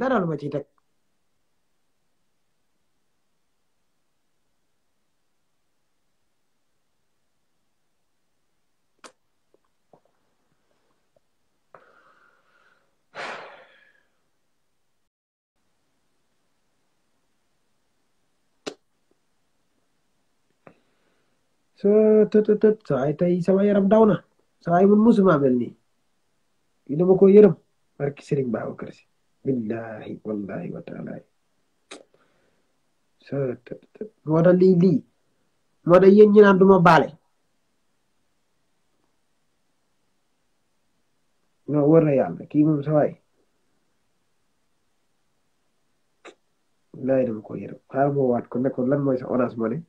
dara lu ma ciy teg stttt sawaay tey sama yaram daw na sawaay mun musuma mel nii yi dama ko yërëm barki Sëriñ Babacar billaahi wallaahi wa taala moo tax lii lii moo tax yéen ñi naan duma baale non wër na yàlla kii moom sa waay laay dama ko yërëm xaaral moo waat ko ne ko lan mooy sa orange money